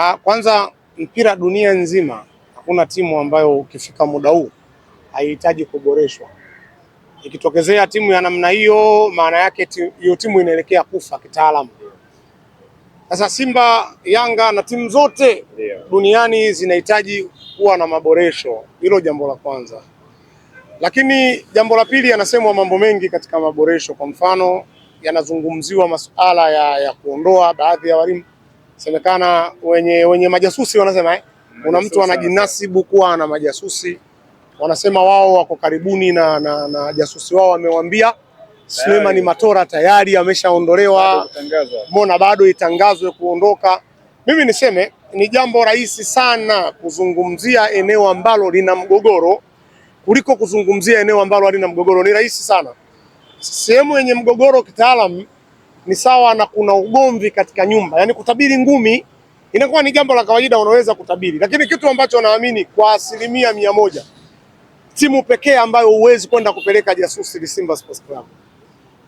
Ah, kwanza mpira dunia nzima hakuna timu ambayo ukifika muda huu haihitaji kuboreshwa. Ikitokezea timu ya namna hiyo, maana yake hiyo timu inaelekea kufa kitaalamu. Sasa Simba, Yanga na timu zote duniani zinahitaji kuwa na maboresho. Hilo jambo la kwanza, lakini jambo la pili, yanasemwa mambo mengi katika maboresho. Kwa mfano, yanazungumziwa masuala ya, ya kuondoa baadhi ya walimu semekana wenye, wenye majasusi wanasema eh? Kuna mtu anajinasibu kuwa ana majasusi, wanasema wao wako karibuni na, na, na jasusi wao wamewambia Suleiman Matora tayari ameshaondolewa, mbona bado itangazwe kuondoka. Mimi niseme ni jambo rahisi sana kuzungumzia eneo ambalo lina mgogoro kuliko kuzungumzia eneo ambalo halina mgogoro. Ni rahisi sana sehemu yenye mgogoro kitaalam ni sawa na kuna ugomvi katika nyumba. Yaani kutabiri ngumi inakuwa ni jambo la kawaida, unaweza kutabiri, lakini kitu ambacho naamini kwa asilimia mia moja timu pekee ambayo huwezi kwenda kupeleka jasusi ni Simba Sports Club.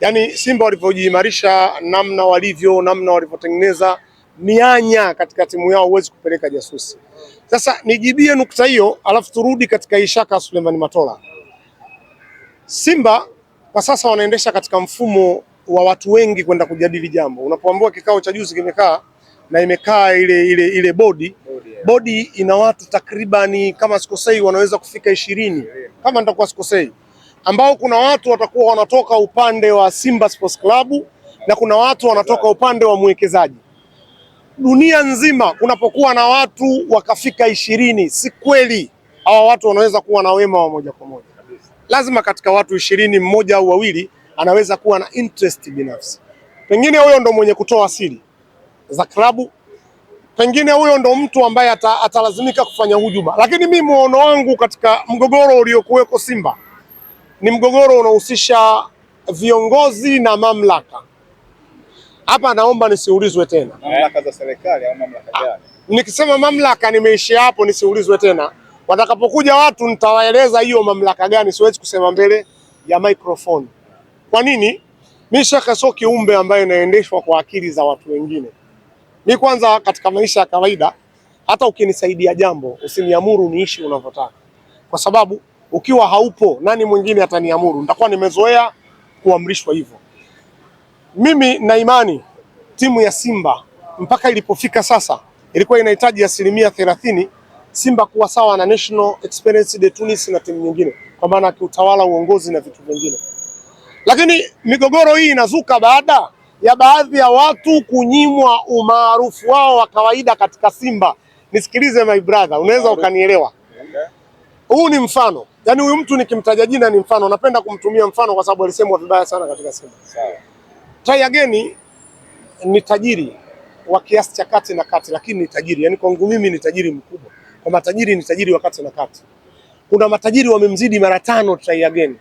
Yaani Simba walivyojiimarisha, namna walivyo, namna walivyotengeneza mianya katika timu yao, huwezi kupeleka jasusi. Sasa nijibie nukta hiyo, alafu turudi katika Ishaka Suleiman Matola. Simba kwa sasa wanaendesha katika mfumo wa watu wengi kwenda kujadili jambo. Unapoambiwa kikao cha juzi kimekaa na imekaa ile ile ile bodi bodi ina watu takribani kama sikosei, wanaweza kufika ishirini kama nitakuwa sikosei, ambao kuna watu watakuwa wanatoka upande wa Simba Sports Club na kuna watu wanatoka upande wa mwekezaji. Dunia nzima kunapokuwa na watu wakafika ishirini, si kweli hawa watu wanaweza kuwa na wema wa moja kwa moja. Lazima katika watu ishirini mmoja au wawili anaweza kuwa na interest binafsi. Pengine huyo ndo mwenye kutoa siri za klabu, pengine huyo ndo mtu ambaye atalazimika kufanya hujuma. Lakini mi muono wangu katika mgogoro uliokuweko Simba ni mgogoro unahusisha viongozi na mamlaka. Hapa naomba nisiulizwe tena mamlaka za serikali au mamlaka ah, gani? Nikisema mamlaka nimeishia hapo, nisiulizwe tena. Watakapokuja watu nitawaeleza hiyo mamlaka gani, siwezi kusema mbele ya microphone. Kwa nini? Mimi shaka sio kiumbe ambaye naendeshwa kwa akili za watu wengine. Mi kwanza, katika maisha ya kawaida, hata ukinisaidia jambo usiniamuru niishi unavyotaka, kwa sababu ukiwa haupo, nani mwingine ataniamuru? Nitakuwa nimezoea kuamrishwa hivyo. Mimi na imani timu ya Simba mpaka ilipofika sasa ilikuwa inahitaji asilimia thelathini Simba kuwa sawa na National Experience de Tunis na timu nyingine, kwa maana kiutawala, uongozi na vitu vingine. Lakini migogoro hii inazuka baada ya baadhi ya watu kunyimwa umaarufu wao wa kawaida katika Simba. Nisikilize my brother, unaweza ukanielewa. Huu ni mfano, yaani huyu mtu nikimtaja jina ni mfano, napenda kumtumia mfano kwa sababu alisemwa vibaya sana katika Simba. Try again ni tajiri wa kiasi cha kati na kati, lakini ni tajiri, yaani kwangu mimi ni tajiri mkubwa. Kwa matajiri ni tajiri wa kati na kati. Kuna matajiri wamemzidi mara tano Try again.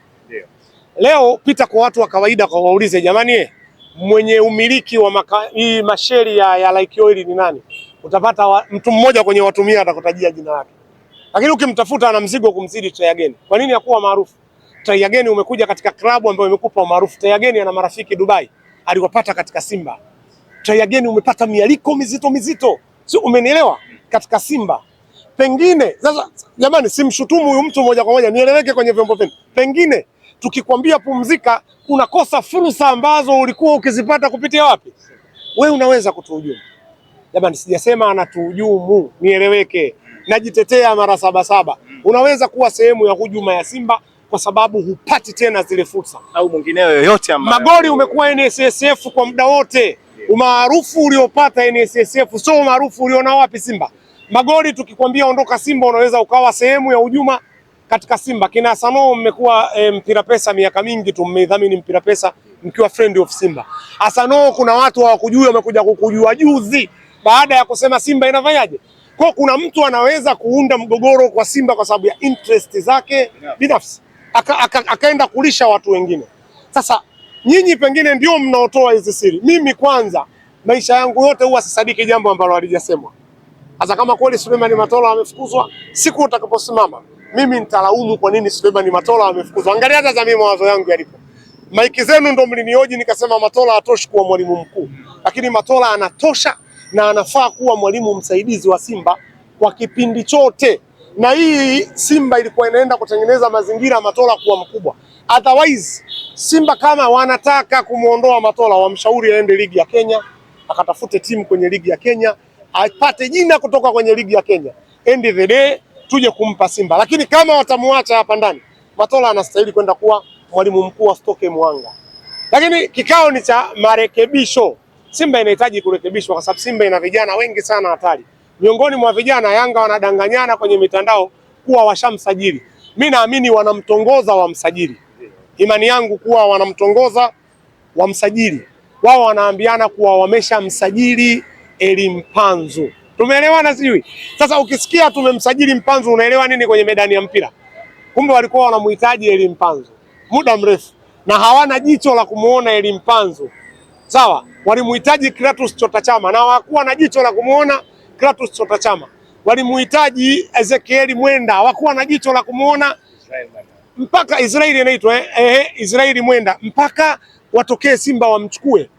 Leo pita kwa watu wa kawaida kwa waulize, jamani, mwenye umiliki wa maka, hii masheri ya, ya Like Oil ni nani? Utapata wa, mtu mmoja kwenye watumia mia atakutajia jina lake, lakini ukimtafuta ana mzigo kumzidi Tryageni. Kwa nini hakuwa maarufu? Tryageni umekuja katika klabu ambayo imekupa maarufu. Tryageni ana marafiki Dubai aliwapata katika Simba. Tryageni umepata mialiko mizito mizito, si umenielewa? Katika Simba pengine sasa, jamani, simshutumu huyu mtu moja kwa moja, nieleweke kwenye vyombo vyenu, pengine Tukikwambia pumzika, unakosa fursa ambazo ulikuwa ukizipata kupitia wapi? we unaweza kutuhujumu. Jamani, sijasema anatuhujumu, nieleweke, najitetea mara sabasaba. Unaweza kuwa sehemu ya hujuma ya Simba kwa sababu hupati tena zile fursa au mwingineo yoyote ambayo. Magoli umekuwa NSSF kwa muda wote, umaarufu uliopata NSSF sio umaarufu uliona wapi Simba. Magoli tukikwambia ondoka Simba, unaweza ukawa sehemu ya hujuma katika Simba kina Samo mmekuwa e, mpira pesa miaka mingi tu, mmeidhamini mpira pesa mkiwa friend of Simba. Asano kuna watu hawakujui wamekuja kukujua juzi baada ya kusema Simba inafanyaje. Kwa kuna mtu anaweza kuunda mgogoro kwa Simba kwa sababu ya interest zake binafsi akaenda aka, aka, kulisha watu wengine. Sasa nyinyi pengine ndio mnaotoa hizi siri. Mimi kwanza maisha yangu yote huwa sisadiki jambo ambalo halijasemwa. Sasa kama kweli Suleiman Matola amefukuzwa, siku utakaposimama mimi nitalaumu kwa nini Suleiman Matola amefukuzwa. Angalia sasa mimi mawazo yangu yalipo. Maiki zenu ndo mlinioji nikasema Matola atoshi kuwa mwalimu mkuu. Lakini Matola anatosha na anafaa kuwa mwalimu msaidizi wa Simba kwa kipindi chote. Na hii Simba ilikuwa inaenda kutengeneza mazingira Matola kuwa mkubwa. Otherwise Simba kama wanataka kumwondoa Matola, wamshauri aende ligi ya Kenya, akatafute timu kwenye ligi ya Kenya, apate jina kutoka kwenye ligi ya Kenya. End the day tuje kumpa Simba, lakini kama watamuacha hapa ndani, Matola anastahili kwenda kuwa mwalimu mkuu wa Stoke Mwanga. Lakini kikao ni cha marekebisho. Simba inahitaji kurekebishwa kwa sababu Simba ina vijana wengi sana hatari. Miongoni mwa vijana Yanga wanadanganyana kwenye mitandao kuwa washamsajili. Mi naamini wanamtongoza wamsajili, imani yangu kuwa wanamtongoza wamsajili. Wao wanaambiana kuwa wameshamsajili Elimpanzu. Tumeelewana sijui. Sasa ukisikia tumemsajili Mpanzu unaelewa nini kwenye medani ya mpira? Kumbe walikuwa wanamhitaji Eli Mpanzu muda mrefu na hawana jicho la kumuona Eli Mpanzu. Sawa, walimuhitaji Kratos Chota Chama na hawakuwa na jicho la kumuona Kratos Chota Chama. Walimuhitaji Ezekiel Mwenda, hawakuwa na jicho la kumuona mpaka Israeli inaitwa eh, eh, Israeli Mwenda mpaka watokee Simba wamchukue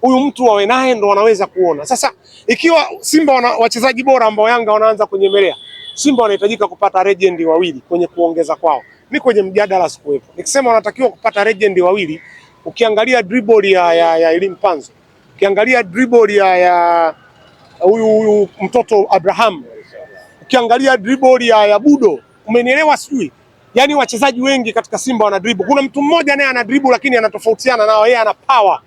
huyu mtu wawe naye ndo wanaweza kuona. Sasa ikiwa Simba wana wachezaji bora ambao Yanga wanaanza kunyemelea, Simba wanahitajika kupata legend wawili kwenye kuongeza kwao. Mi kwenye mjadala sikuwepo, nikisema wanatakiwa kupata legend wawili. Ukiangalia dribble ya, ya, ya Elim Panzo, ukiangalia dribble ya, ya huyu huyu mtoto Abraham, ukiangalia dribble ya, ya Budo, umenielewa sijui Yaani wachezaji wengi katika Simba wana dribble. Kuna mtu mmoja naye ana dribble lakini anatofautiana nao, yeye ana power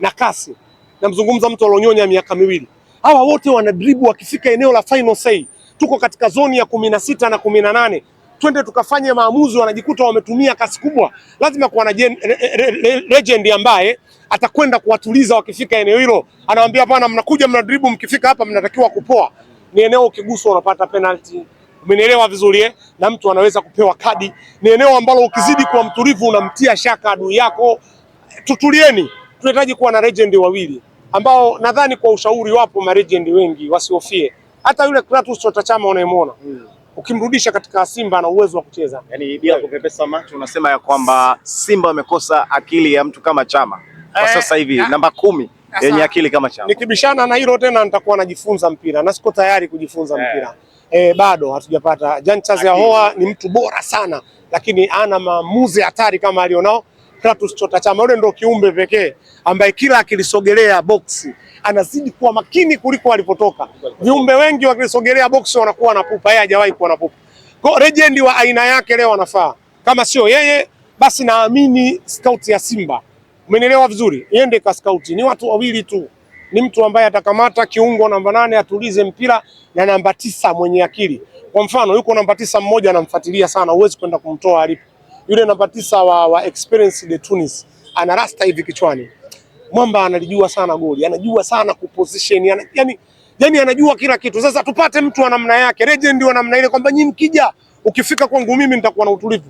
na kasi. Namzungumza mtu alionyonya miaka miwili. Hawa wote wanadribu wakifika eneo la final say. Tuko katika zoni ya kumi na sita na kumi na nane twende tukafanye maamuzi, wanajikuta wametumia kasi kubwa. Lazima kuwa na re, re, re, legend ambaye atakwenda kuwatuliza wakifika eneo hilo, anawaambia bwana, mnakuja mnadribu, mkifika hapa mnatakiwa kupoa. Ni eneo ukiguswa unapata penalty, umenielewa vizuri eh? Na mtu anaweza kupewa kadi. Ni eneo ambalo ukizidi kuwa mtulivu unamtia shaka adui yako. Tutulieni tunahitaji kuwa na legend wawili ambao nadhani kwa ushauri wapo malegend wengi wasiofie. Hata yule Clatous Chama unayemwona hmm. Ukimrudisha katika Simba na uwezo wa kucheza. yani, bila kupepesa macho unasema ya kwamba Simba wamekosa akili ya mtu kama Chama kwa eh, sasa hivi na, namba kumi yenye akili kama Chama. Nikibishana na hilo tena nitakuwa najifunza mpira na siko tayari kujifunza eh, mpira eh, bado hatujapata. Jan Chazahoa ni mtu bora sana, lakini ana maamuzi hatari kama alionao Kratos Chota Chama. Yule ndo kiumbe pekee ambaye kila akilisogelea boksi anazidi kuwa makini kuliko alipotoka. Viumbe wengi wakilisogelea boksi wanakuwa na pupa, yeye hajawahi kuwa na pupa. Kwa legend wa aina yake leo anafaa, kama sio yeye basi naamini scout ya Simba, umenielewa vizuri, iende ka scout. Ni watu wawili tu, ni mtu ambaye atakamata kiungo namba nane atulize mpira na namba tisa mwenye akili. Kwa mfano, yuko namba tisa mmoja anamfuatilia sana, huwezi kwenda kumtoa alipo yule namba tisa wa, wa experience de Tunis ana rasta hivi kichwani. Mwamba analijua sana goli, anajua sana kuposition, ana, yani, yani anajua kila kitu. Sasa tupate mtu wa namna yake, legend wa namna ile kwamba nyinyi mkija ukifika kwangu mimi nitakuwa na utulivu.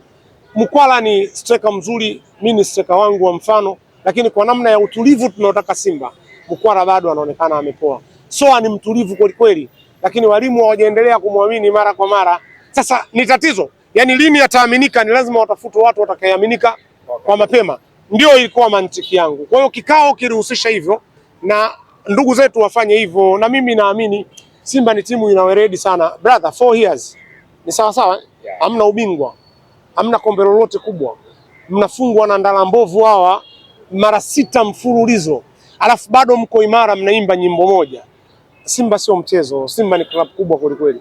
Mkwala ni striker mzuri, mimi ni striker wangu wa mfano, lakini kwa namna ya utulivu tunaotaka Simba, Mkwala bado anaonekana amepoa. Soa ni mtulivu kweli kweli, lakini walimu hawajaendelea kumwamini mara kwa mara. Sasa ni tatizo. Yaani lini yataaminika, ni lazima watafutwe watu watakayeaminika kwa mapema. Ndio ilikuwa mantiki yangu. Kwa hiyo kikao kilihusisha hivyo na ndugu zetu wafanye hivyo, na mimi naamini Simba ni timu inaweredi sana brother. Four years ni sawa sawa, hamna ubingwa, hamna kombe lolote kubwa, mnafungwa na ndala mbovu hawa mara sita mfululizo, alafu bado mko imara, mnaimba nyimbo moja. Simba sio mchezo, Simba ni klabu kubwa kwelikweli.